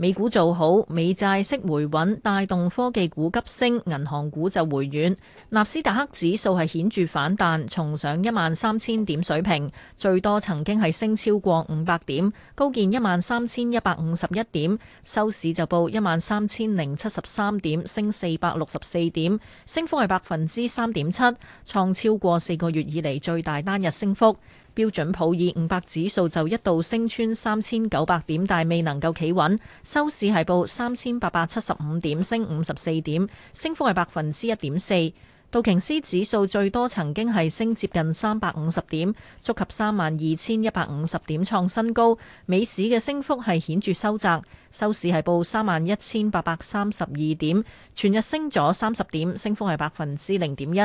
美股做好，美債息回穩，帶動科技股急升，銀行股就回軟。納斯達克指數係顯著反彈，重上一萬三千點水平，最多曾經係升超過五百點，高見一萬三千一百五十一點，收市就報一萬三千零七十三點，升四百六十四點，升幅係百分之三點七，創超過四個月以嚟最大單日升幅。標準普爾五百指數就一度升穿三千九百點，但未能夠企穩。收市係報三千八百七十五點，升五十四點，升幅係百分之一點四。道瓊斯指數最多曾經係升接近三百五十點，觸及三萬二千一百五十點創新高。美市嘅升幅係顯著收窄，收市係報三萬一千八百三十二點，全日升咗三十點，升幅係百分之零點一。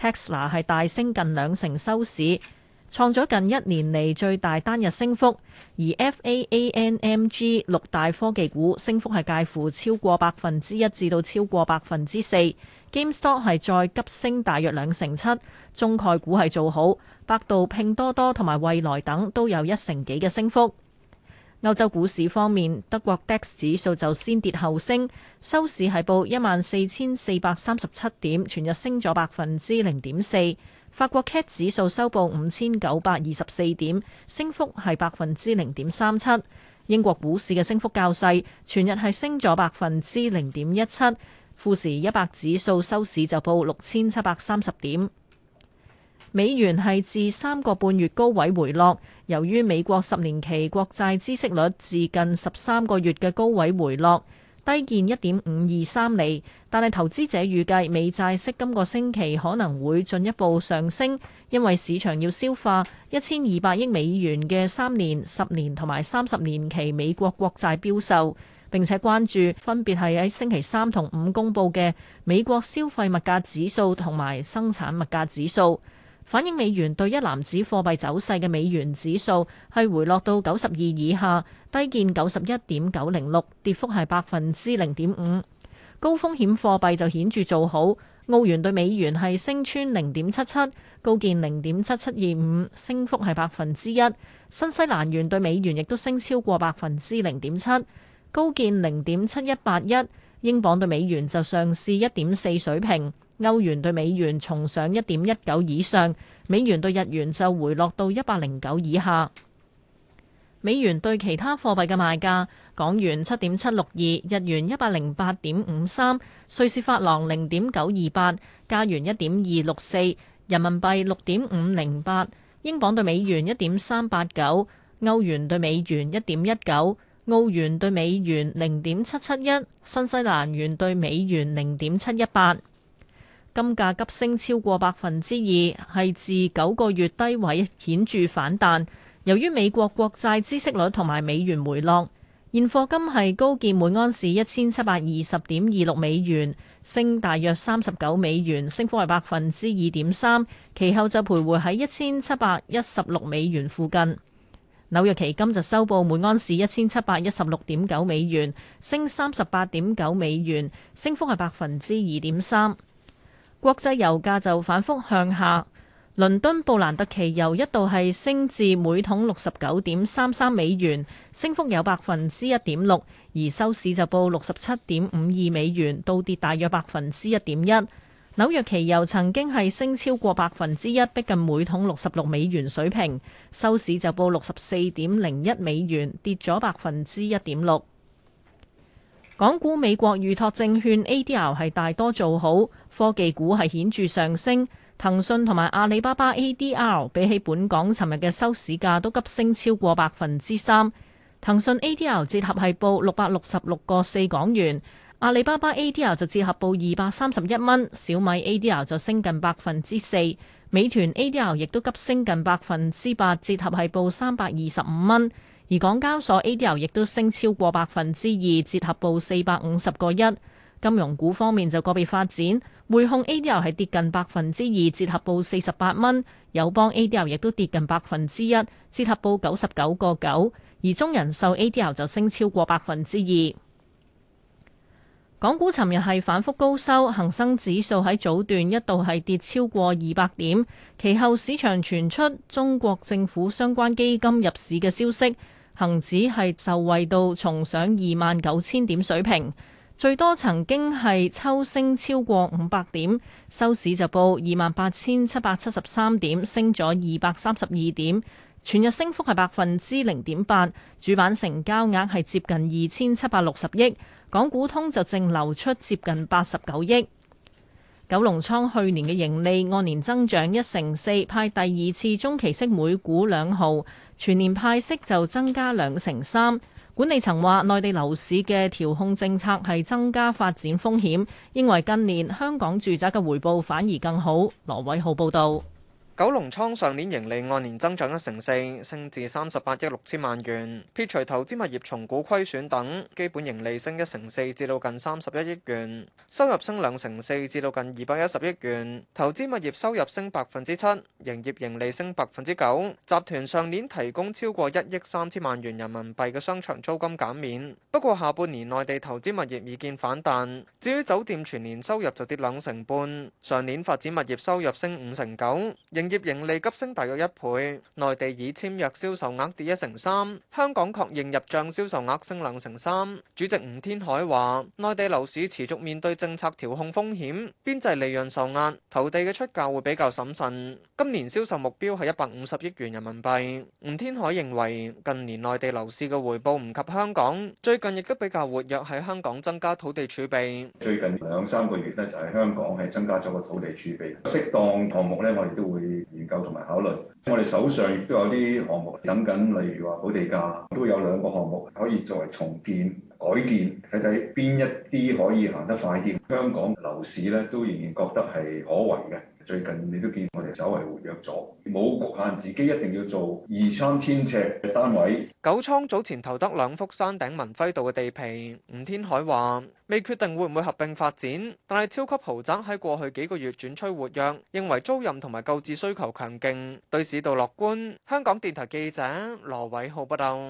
Tesla 係大升近兩成，收市。創咗近一年嚟，最大單日升幅，而 FAANMG 六大科技股升幅係介乎超過百分之一至到超過百分之四，GameStop 係再急升大約兩成七，中概股係做好，百度、拼多多同埋蔚來等都有一成幾嘅升幅。歐洲股市方面，德國 DAX 指數就先跌後升，收市係報一萬四千四百三十七點，全日升咗百分之零點四。法國 CAC 指數收報五千九百二十四點，升幅係百分之零點三七。英國股市嘅升幅較細，全日係升咗百分之零點一七。富時一百指數收市就報六千七百三十點。美元係自三個半月高位回落，由於美國十年期國債孳息率自近十三個月嘅高位回落。低見一點五二三厘，但係投資者預計美債息今個星期可能會進一步上升，因為市場要消化一千二百億美元嘅三年、十年同埋三十年期美國國債標售，並且關注分別係喺星期三同五公布嘅美國消費物價指數同埋生產物價指數。反映美元對一籃子貨幣走勢嘅美元指數係回落到九十二以下，低見九十一點九零六，跌幅係百分之零點五。高風險貨幣就顯著做好，澳元對美元係升穿零點七七，高見零點七七二五，升幅係百分之一。新西蘭元對美元亦都升超過百分之零點七，高見零點七一八一。英鎊對美元就上試一點四水平。歐元對美元重上一點一九以上，美元對日元就回落到一百零九以下。美元對其他貨幣嘅賣價：港元七點七六二，日元一百零八點五三，瑞士法郎零點九二八，加元一點二六四，人民幣六點五零八，英鎊對美元一點三八九，歐元對美元一點一九，澳元對美元零點七七一，新西蘭元對美元零點七一八。金價急升超過百分之二，係自九個月低位顯著反彈。由於美國國債孳息率同埋美元回落，現貨金係高見每安士一千七百二十點二六美元，升大約三十九美元，升幅係百分之二點三。其後就徘徊喺一千七百一十六美元附近。紐約期金就收報每安士一千七百一十六點九美元，升三十八點九美元，升幅係百分之二點三。國際油價就反覆向下，倫敦布蘭特期油一度係升至每桶六十九點三三美元，升幅有百分之一點六，而收市就報六十七點五二美元，倒跌大約百分之一點一。紐約期油曾經係升超過百分之一，逼近每桶六十六美元水平，收市就報六十四點零一美元，跌咗百分之一點六。港股、美國預託證券 ADR 係大多做好，科技股係顯著上升。騰訊同埋阿里巴巴 ADR 比起本港尋日嘅收市價都急升超過百分之三。騰訊 ADR 折合係報六百六十六個四港元，阿里巴巴 ADR 就折合報二百三十一蚊，小米 ADR 就升近百分之四，美團 ADR 亦都急升近百分之八，折合係報三百二十五蚊。而港交所 A.D.R. 亦都升超過百分之二，折合報四百五十個一。金融股方面就個別發展，匯控 A.D.R. 係跌近百分之二，折合報四十八蚊；友邦 A.D.R. 亦都跌近百分之一，折合報九十九個九。而中人壽 A.D.R. 就升超過百分之二。港股尋日係反覆高收，恒生指數喺早段一度係跌超過二百點，其後市場傳出中國政府相關基金入市嘅消息。恒指係受惠到重上二萬九千點水平，最多曾經係抽升超過五百點，收市就報二萬八千七百七十三點，升咗二百三十二點，全日升幅係百分之零點八，主板成交額係接近二千七百六十億，港股通就淨流出接近八十九億。九龍倉去年嘅盈利按年增長一成四，派第二次中期息每股兩毫。全年派息就增加兩成三，管理層話內地樓市嘅調控政策係增加發展風險，認為近年香港住宅嘅回報反而更好。羅偉浩報道。九龍倉上年盈利按年增長一成四，升至三十八億六千萬元。撇除投資物業重估虧損等，基本盈利升一成四，至到近三十一億元。收入升兩成四，至到近二百一十億元。投資物業收入升百分之七，營業盈利升百分之九。集團上年提供超過一億三千萬元人民幣嘅商場租金減免。不過下半年內地投資物業已見反彈。至於酒店全年收入就跌兩成半。上年發展物業收入升五成九，業盈利急升大約一倍，內地已簽約銷售額跌一成三，香港確認入帳銷售額升兩成三。主席吳天海話，內地樓市持續面對政策調控風險，邊際利潤受壓，投地嘅出價會比較審慎。今年銷售目標係一百五十億元人民幣。吳天海認為近年內地樓市嘅回報唔及香港，最近亦都比較活躍喺香港增加土地儲備。最近兩三個月呢就係香港係增加咗個土地儲備，適當項目呢我哋都會研究同埋考慮，我哋手上亦都有啲項目等緊，例如話補地價都有兩個項目可以作為重建、改建，睇睇邊一啲可以行得快啲。香港樓市呢都仍然覺得係可為嘅。最近你都見我哋稍為活躍咗，冇局限自己一定要做二三千尺嘅單位。九倉早前投得兩幅山頂文輝道嘅地皮，吳天海話未決定會唔會合併發展，但係超級豪宅喺過去幾個月轉趨活躍，認為租賃同埋購置需求強勁，對市道樂觀。香港電台記者羅偉浩報道。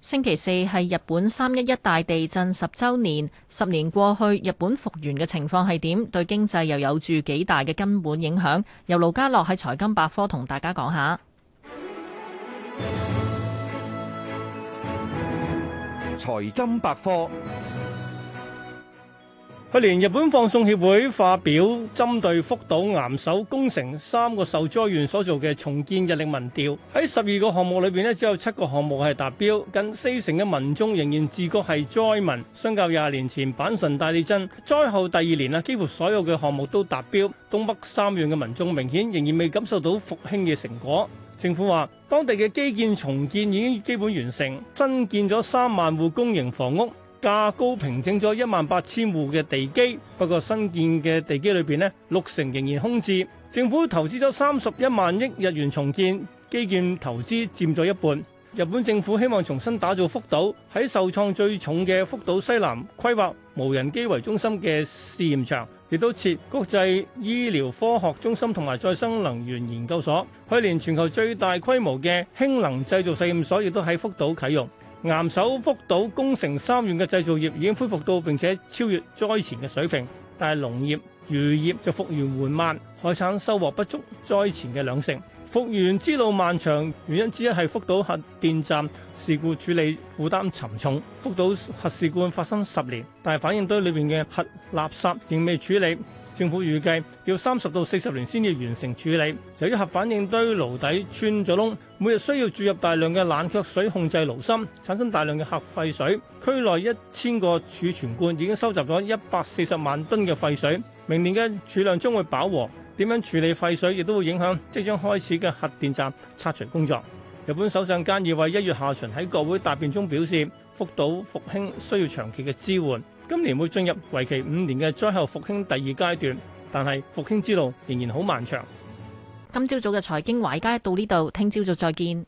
星期四係日本三一一大地震十周年，十年過去，日本復原嘅情況係點？對經濟又有住幾大嘅根本影響？由盧家樂喺財金百科同大家講下。財金百科。同大家去年日本放送協會發表針對福島岩手宮城三個受災縣所做嘅重建日曆民調，喺十二個項目裏邊咧，只有七個項目係達標，近四成嘅民眾仍然自覺係災民。相較廿年前阪神大地震災後第二年啊，幾乎所有嘅項目都達標。東北三縣嘅民眾明顯仍然未感受到復興嘅成果。政府話，當地嘅基建重建已經基本完成，新建咗三萬戶公營房屋。價高平整咗一萬八千戶嘅地基，不過新建嘅地基裏邊咧，六成仍然空置。政府投資咗三十一萬億日元重建，基建投資佔咗一半。日本政府希望重新打造福島，喺受創最重嘅福島西南規劃無人機為中心嘅試驗場，亦都設國際醫療科學中心同埋再生能源研究所。去年全球最大規模嘅氫能製造試驗所亦都喺福島啟用。岩手福島宮城三縣嘅製造業已經恢復到並且超越災前嘅水平，但係農業、漁業就復原緩慢，海產收穫不足災前嘅兩成。復原之路漫長，原因之一係福島核電站事故處理負擔沉重。福島核事故發生十年，但係反應堆裏邊嘅核垃圾仍未處理。政府預計要三十到四十年先至完成處理。由於核反應堆爐底穿咗窿，每日需要注入大量嘅冷卻水控制爐芯，產生大量嘅核廢水。區內一千個儲存罐已經收集咗一百四十萬噸嘅廢水，明年嘅儲量將會飽和。點樣處理廢水亦都會影響即將開始嘅核電站拆除工作。日本首相菅義偉一月下旬喺國會答辯中表示，福島復興需要長期嘅支援。今年會進入為期五年嘅災後復興第二階段，但係復興之路仍然好漫長。今朝早嘅財經華爾街到呢度，聽朝早再見。